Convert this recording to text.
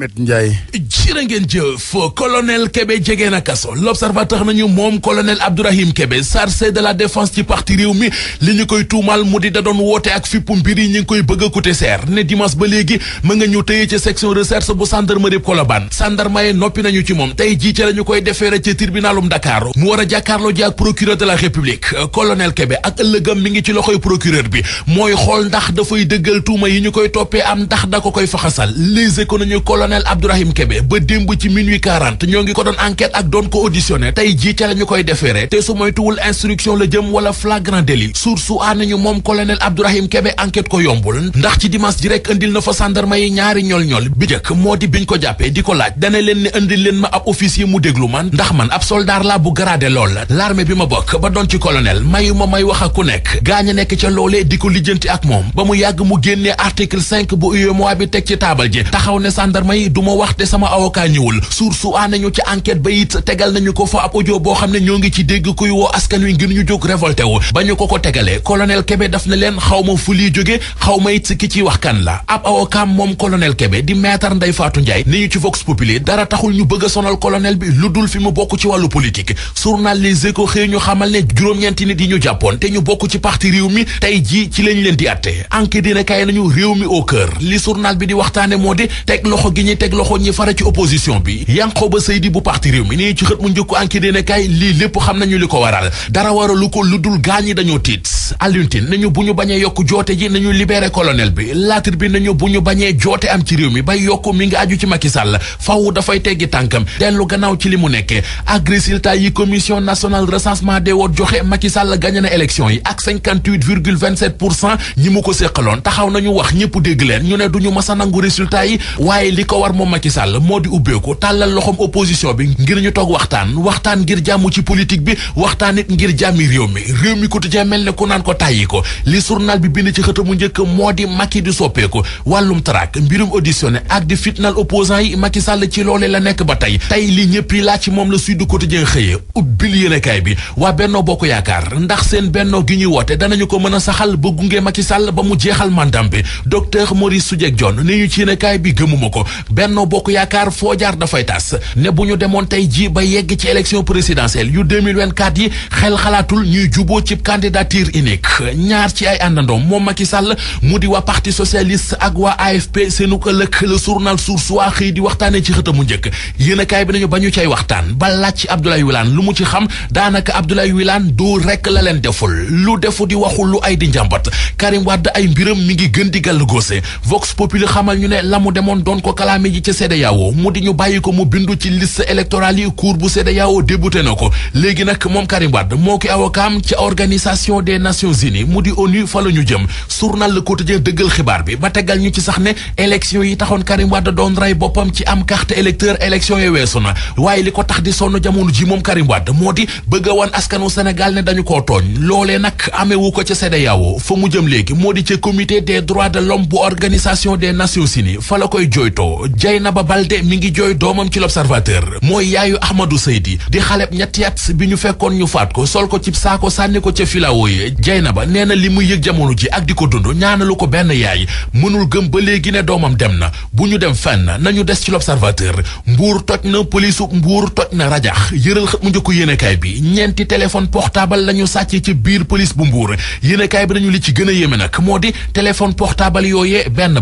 Ahmed Ndiaye. jërë ngeen jëf colonel Kébé jege na kaso l'observateur nañu moom colonel Abdourahim Kébé chargé de la défense ci parti réew mi li ñu koy tuumal mu di da doon woote ak fippu mbir yi ñu ngi koy bëgg a coûter ne dimanche ba léegi ma nga ñu tëye ci section recherche bu gendarmerie Colobane gendarme yi noppi nañu ci moom tey jii ci la ñu koy defeere ci tribunalum Dakar mu war a ji ak procureur de la république euh, colonel Kébé ak ëllëgam mi ngi da ko koy faxasal les colonel Abdourahim Kébé ba démb ci minuit 40 ñoo ngi ko doon enquête ak doon ko la ñu koy defeere su moytuwul instruction la jëm wala flagrant délit source a nañu moom colonel Abdourahim Kébé enquête ndax ci dimanche ji rek indil na fa sandarma yi ñaari ñol-ñol bi jëkk moo di biñ ko jàppee di ko laaj dana leen ne indil leen ma ab officier mu déglu man ndax man ab soldat laa bu gradé lool la l'armée bi ma bokk ba doon ci colonel mayu ma may wax ak ku nekk gaañ a nekk ca loolee di ko lijjanti ak moom ba mu yàgg mu génnee article 5 bu UEMOA bi teg ci taabal ji taxaw ne sandarma yi yi du ma sama avocat ñëwul source a nañu ci enquête ba it tegal nañu ko fa ab audio boo xam ne ñoo ngi ci dégg kuy woo askan wi ngir ñu jóg révolté wu ba ñu ko ko tegalee colonel Kébé daf na leen xaw ma fu lii jóge xaw ma ki ciy wax kan la ab avocat moom colonel Kébé di maître Ndeye Fatou Ndiaye ni ñu ci Vox Populi dara taxul ñu bëgg a sonal colonel bi lu dul fi mu bokk ci wàllu politique journal Les Échos xëy ñu xamal ne juróom-ñeenti nit yi ñu jàppoon te ñu bokk ci parti réew mi tey di atte enquête dina kay nañu réew mi au cœur li journal bi di waxtaane moo di teg loxo gi ñuy teg loxo ñi fara ci opposition nañu ko waral dara waralu lu dul gaañ ñi dañoo tiit aluntin nañu bu ñu bañee yokk joote ji nañu libéré colonel bi laatir bi nañu bu ñu bañee joote am ci réew mi bay yokk mi ngi aju ci Macky Sall faw dafay teggi tànkam dellu gannaaw ci li mu nekkee ak résultat yi commission nationale recensement des votes joxe Macky Sall gagné na élection yi ak cinquante huit virgule vingt sept pour cent ñi mu ko loon taxaw nañu wax ñëpp dégg leen ñu ne duñu masa nangu résultat yi waaye li ko ko war moom Macky Sall moo di ubbeeku tàllal loxom opposition bi ngir ñu toog waxtaan waxtaan ngir jàmm ci politique bi waxtaan it ngir jàmmi réew mi réew mi quotidien mel ne ku naan ko tàyyi ko li journal bi bind ci mu njëkk moo di Macky di soppeeku wàllum traak mbirum auditionné ak di fitnal opposant yi Macky Sall ci loolee la nekk ba tey tey li ñëpp yi laaj ci moom la Sud Quotidien xëyee ubbil yéenekaay bi waa Benno Bokk Yaakaar ndax seen bennoo gi ñuy woote danañu ko mën a saxal ba gunge Macky Sall ba mu jeexal mandam bi docteur Maurice Soudieck Dione ni ñu ci yéenekaay bi gëmuma ko Benno Bokk Yaakaar foo jaar dafay tas ne bu ñu demoon tey ji ba yegg ci élection présidentielle yu 2024 yi xel xalaatul ñuy juboo ci candidature unique ñaar ci ay àndandoom moom Macky Sall mu di waa parti socialiste ak waa AFP seenu la le journal su waa xëy di waxtaanee ci xëtamu njëkk yéen bi nañu ba ñu cay waxtaan ba laaj ci Abdoulaye Wilane lu mu ci xam daanaka Abdoulaye Wilane du rek la leen deful lu defu di waxul lu ay di njàmbat Karim Wade ay gën di gàll góose Vox Populi la mu demoon doon kalaame ji ca CEDEAO mu di ñu bàyyi ko mu bindu ci liste électorale yi cour bu CEDEAO débouté na ko léegi nag moom Karim moo ki avocaam ca organisation des nations unies mu di ONU fa la ñu jëm journal Le Quotidien dëggal xibaar bi ba tegal ñu ci sax ne élection yi taxoon Karim Wade doon rey boppam ci am carte électeur élection yi weesu na waaye li ko tax di sonn jamono ji moom Karim Wade moo di bëgg a wan askanu Sénégal ne dañu koo tooñ loole nag amewu ko ca CEDEAO fa mu jëm léegi moo di ca comité des droits de l'homme bu organisation des nations unies fa la ko Dieynaba Balde mi ngi jooy doomam ci l'observateur mooy yaayu Ahmadou Seydi di xaleb ñetti at bi ñu fekkoon ñu faat ko sol ko ci saako sànni ko ca filao yi ba nee na li mu yëg jamono ji ak di ko dund ñaanalu ko benn yaay mënul gëm ba léegi ne doomam dem na bu ñu dem fenn nañu des ci l'observateur mbuur toj na polisu mbuur toj na rajax yëral xët mu njëkko yéenekaay bi ñeenti téléphone portable la ñu sàcc ci biir police bu mbuur yéenekaay bi nañu li ci gën a yéeme nag moo di téléphone portable yooyee benn